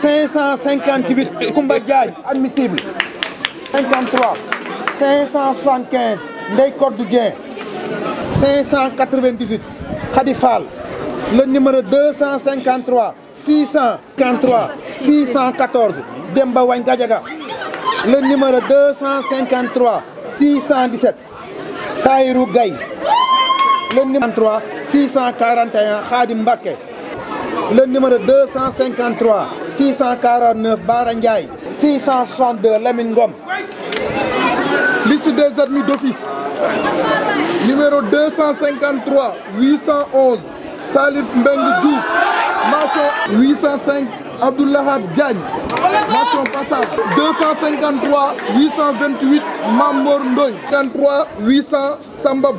558 Koumba Diagne admissible 53 575 Ndeye Codou Dieng 598 Khady Fall le numéro 253 653 614 Demba Wagne Gadiaga le numéro 253 617 Tahirou Gaye le numéro 3 641 Khadim Mbacké le numéro 253 649 Bara Ndiaye 662 Lamine Ngom liste des admis d'office numéro 253 811 Salif Mbengue Diouf mention 805 Abdoulahat Diagne Ndoy 53 800 Samba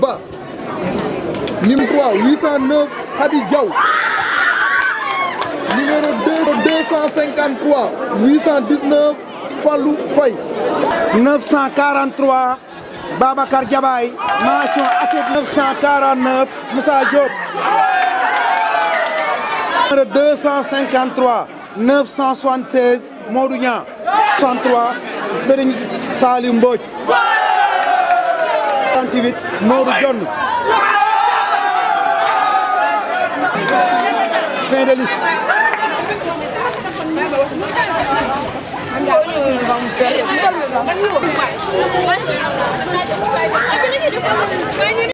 953 819 Fallou Faye 943 Babacar Diabaye mention ACET 949 Moussa Diop numéro 253 976 Modou Niang 63 Serigne Salim Mbodj 38 Modou Dione fin Thank you.